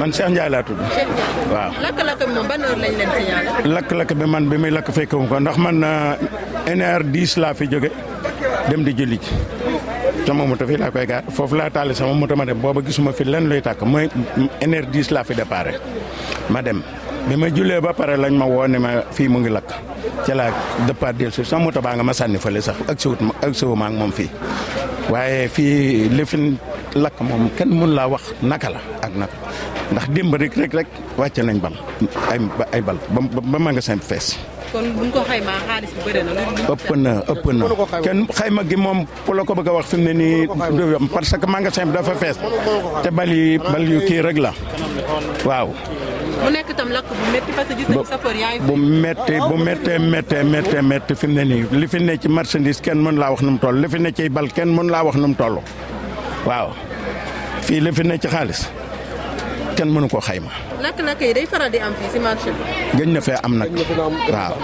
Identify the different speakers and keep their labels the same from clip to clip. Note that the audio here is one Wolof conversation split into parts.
Speaker 1: man Cheikh Ndiaye la tudd waaw
Speaker 2: lak lak mom ban heure lañ len signalé
Speaker 1: lak lak be man bi muy lakk fekkewum ko ndax man NR 10 la fi joge dem di julli ji sama moto fi la koy gaar fofu la taale sama moto ma dem booba gisuma fi len luy tak moy mm, NR 10 la fi déparé ma dem be ma jullee ba paré lañ ma woné ma fi mo ngi lak ci la départ del sur sama moto ba nga ma sanni fele sax ak ci wut ak siwu maag moom fii waaye fii li fi Lak mom ken mun la wax naka la ak nak ndax demb rek rek rek wacc nañ bal ay ay bal ba ba magasin bi fees
Speaker 2: kon buñ ko xayma xaalis bu beure
Speaker 1: na ëpp na ëpp na kenn xayma gi mom pou la ko bëgg wax fimné ni parce que magasin bi dafa fess té bal yi bal yu ki rek la waaw
Speaker 2: mu nek tam lak bu metti parce que gis yaay bu
Speaker 1: metti bu metti metti metti metti fi ni li fi ne ci marchandise ken mën la wax num toll li fi ne ci bal ken mën la wax num toll waaw fii la fi ci xaalis kenn mënu koo xayma.
Speaker 2: lakk-lakk yi day faral di am fii si marché
Speaker 1: bi. na fee am nag waaw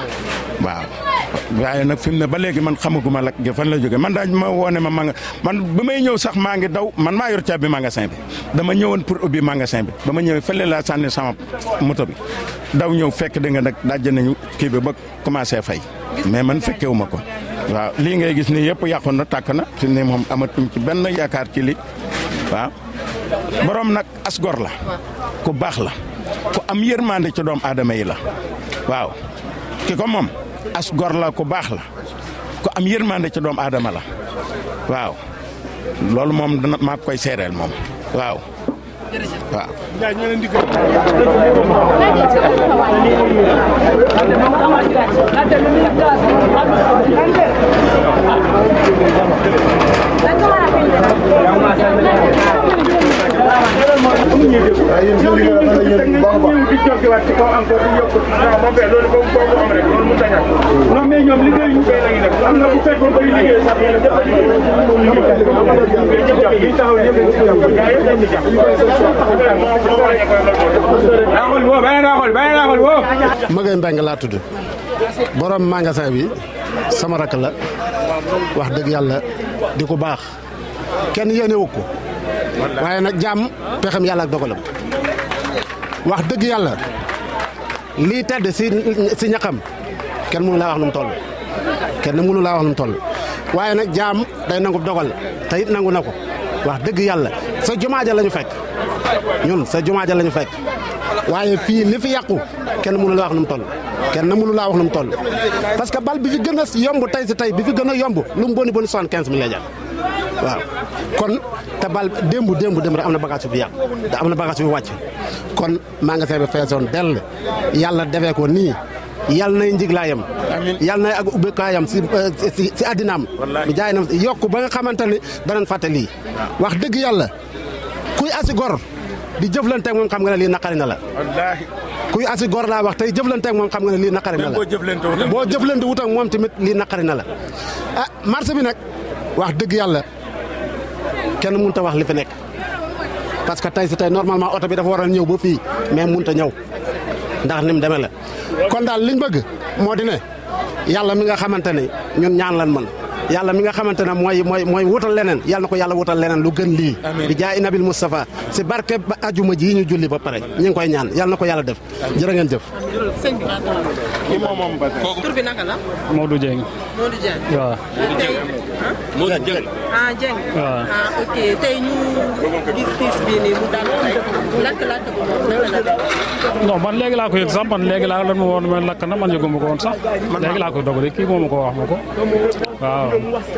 Speaker 1: waaw. waaye nak fi ne ba legi man xamaguma lak ge fan la joge man daañ ma woné ma manga man bu may ñew sax ma nga daw man ma yor manga magasin bi dama ñewon pour manga magasin bi bama ñewé fele la laa sama moto bi daw ñew fekk de nga nak dajje nañu ki bi ba commencé fay mais man fekkewu ma ko wa li ngay gis ni yépp yakuna takna ci ne mom amatu ci ben yakar ci li wa borom nak asgor la ku bax la ku am yermande ci doom adamay la waaw ki ko as gor la ku bax la ku am yermande ci doomu adama la waaw loolu moom dana maa koy seereel moom waaw waaw
Speaker 2: Magay Mbeng laa tudd borom magasin bi sama rakk la wax dëgg yàlla di ko kenn waaye nag jàmm pexem yàlla ak dogalam wax dëgg yàlla lii tedd si si kenn mënu laa wax nu mu kenn mënu laa wax nu mu waaye nag jaam day nangu dogal te nangu na ko wax dëgg yàlla sa jumaaja lañu ñu fekk ñun sa jumaaja la ñu fekk waaye fii li fi yàqu kenn mënu laa wax nu mu toll kenn mënu laa wax nu mu toll parce que bal bi fi gën a yomb tey si tey bi fi gën a yomb lu mu boni boni soixante-quinze millions waaw kon te bal démb démb démb rek am na bagage bu yàqu da am na bagage bu wàcc kon magasin bi feesoon dell yàlla defee nii yàlla nay njiglaayam yàlla nay ak ubbekaayam euh, si si si addinaam mu jaay nam yokk ba nga xamante ne danañ fàtte lii wax dëgg yàlla kuy asi gor di jëflante moom xam nga ne lii naqari na la kuy asi gor laa wax tey jëflante moom xam nga ne lii naqari na la boo jëflante wut moom tamit lii naqari na la ah marché bi wax dëgg yàlla kenn mënut a wax li fi nekk parce que tey si tey normalement oto bi dafa waral ñëw ba fii mais mënut a ñëw ndax ni mu demee la kon daal liñ bëgg moo di ne yàlla mi nga xamante ne ñun ñaan lan mën yalla mi nga xamante moy moy moy wutal lenen yalla nako yalla wutal lenen lu gën li bi jaay nabil mustafa ci barke ba ajuma ji ñu julli ba pare ñing koy ñaan yalla na ko yàlla def jërë ngeen jëf tur bi naka la Modou jeng Modou jeng wa Modou jeng ah jeng ah ok tay ñu gis tiis bi ni mu dal lak lakk ko
Speaker 3: non man léegi laa ko yëg sax man léegi laa lan ma woon ma lakk na man yëguma ko woon sax léegi laa ko dog rek ko wax ko waaw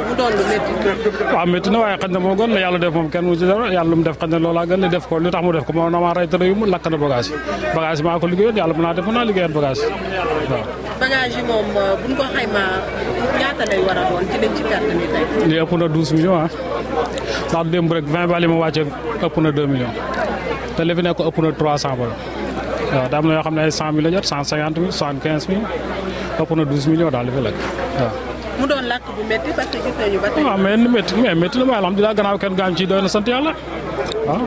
Speaker 3: mu doon lu métti waaw métti na waaye xëy na moo gën la yàlla def moom kenn mu ci dara yàlla lu mu def xëy na loolaa gën la def ko lu tax mu def ko moo na ma rey tëra mu lakk na bagage bagage maa ko liggéeyoon yàlla mën naa def mën naa liggéeyoon bagage waaw
Speaker 2: bagage yi moom euh, buñ ko xayma ñaata lay war a doon ci lañ ci perte ni
Speaker 3: tey li ëpp na millions ah ndax démb rek yi ma ëpp na millions te li fi nekk ëpp na waaw daa am na yoo xam ne ay mille la jot mille mille ëpp na millions daal li fi lekk waaw
Speaker 2: mu doon làkk bu métti parce que gis
Speaker 3: ma alhamdulilah gannaaw kenn gaañ ci doy na sant yàlla waaw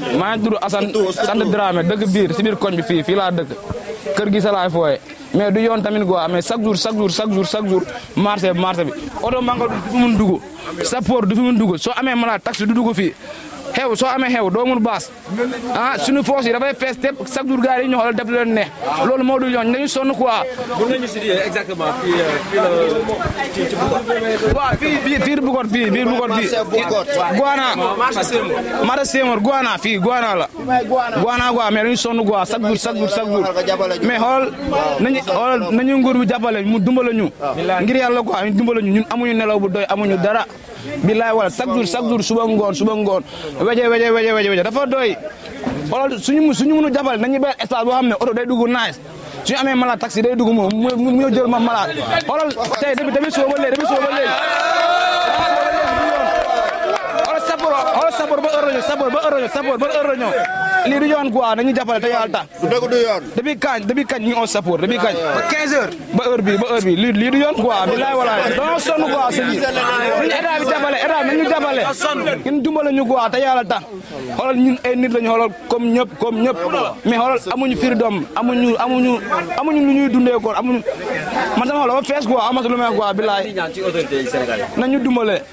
Speaker 3: maa ngi a Assane sant Dramé dëkk biir si biir koñ bi fii laa dëkk kër gi laay fooye mais du yoon tamit quoi mais chaque jour chaque jour chaque jour chaque jour bi oto mangal du fi mun dugg sa port mun dugg soo amee malade taxi du dugg fii xew soo amee xew doo mun baas ah suñu force yi dafay fees tepp chaque jour gars yi ñu xoolal def leen neex loolu moo dul yoon dañu sonn quoi. mën nañu situer euh, fii fii la ci ci Boucotte. fii fii biir Boucotte fii biir Boucotte fii. Guana. marché Seymour. marché Seymour Guana fii Guana la.
Speaker 2: Guana quoi mais dañu sonn quoi chaque jour chaque jour chaque jour mais xool nañu xool
Speaker 3: nañu nguur bi jàppale mu dimbale ñu. ngir yàlla quoi ñu dimbale ñu ñun amuñu nelaw bu doy amuñu dara. billahi wala chaque jour chaque jour suba ngoon suba ngoon weje weje weje weje weje dafa doy wala suñu suñu mënu jabal nañu bay stade bo xamné auto day duggu nice suñu amé mala taxi day duggu mo mo jël ma mala wala tay debi debi suba lé debi suba lé wala sabor wala sabor ba euro ñoo sabor ba euro ñoo sabor ba euro ñoo lii du yoon quoi nañu jàppale te yàlla tax. su dëgg du yoon. depuis kañ depuis kañ ñu ngi on support depuis kañ. ba 15 heures. ba heure bi ba heure bi lii lii du yoon quoi. bilaay walaay doo sonn quoi ñu bi nañu état bi jàppale état bi nañu jàppale. ñun dimbale ñu quoi te yàlla tax xoolal ñun ay nit lañu xoolal comme ñëpp comme ñëpp mais xoolal amuñu firi doom amuñu lu ñuy dundee ko amuñu man sama xol dafa fees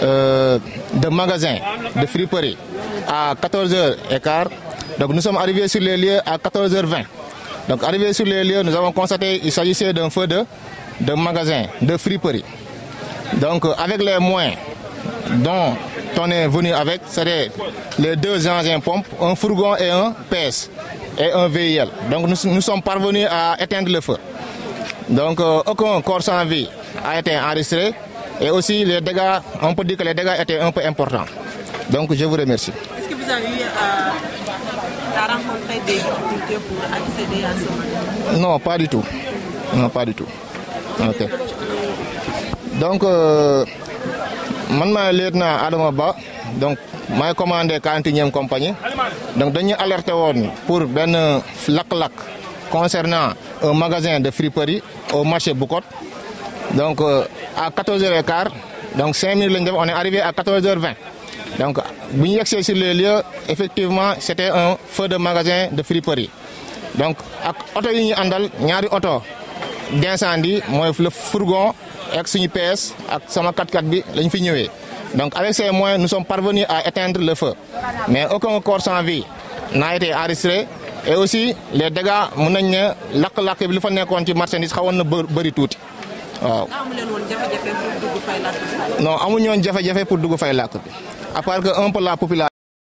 Speaker 4: Euh, de magasins, de friperie à 14h15. Donc nous sommes arrivés sur les lieux à 14h20. Donc arrivés sur les lieux, nous avons constaté qu'il s'agissait d'un feu de, de magasin, de friperie. Donc avec les moyens dont on est venu avec, c'est-à-dire les deux engins pompes, un fourgon et un PS et un VIL. Donc nous, sommes parvenus à éteindre le feu. Donc euh, aucun corps sans vie a été enregistré. Et aussi, les dégâts, on peut dire que les dégâts étaient un peu importants. Donc, je vous remercie.
Speaker 2: Est-ce que vous avez eu à, des difficultés pour accéder à ce
Speaker 4: magasin Non, pas du tout. Non, pas du tout. Ok. Donc, je euh, suis Adama Ba. Donc, j'ai commandé 41e compagnie. Donc, nous alerté pour un lac-lac concernant un magasin de friperie au marché Boucot. Donc euh, à 14h15, donc 5 minutes, on est arrivé à 14h20. Donc, a accès sur le lieu, effectivement, c'était un feu de magasin de friperie. Donc, avec l'auto, a eu auto d'incendie, le fourgon, avec une PS, avec 4x4, Donc, avec ces moyens, nous sommes parvenus à éteindre le feu. Mais aucun corps sans vie n'a été arrêté. Et aussi, les dégâts, nous avons eu qui est le marchandise, tout waaw. non amuñu woon jafe-jafe pour dugg fay làkk bi à part que la population.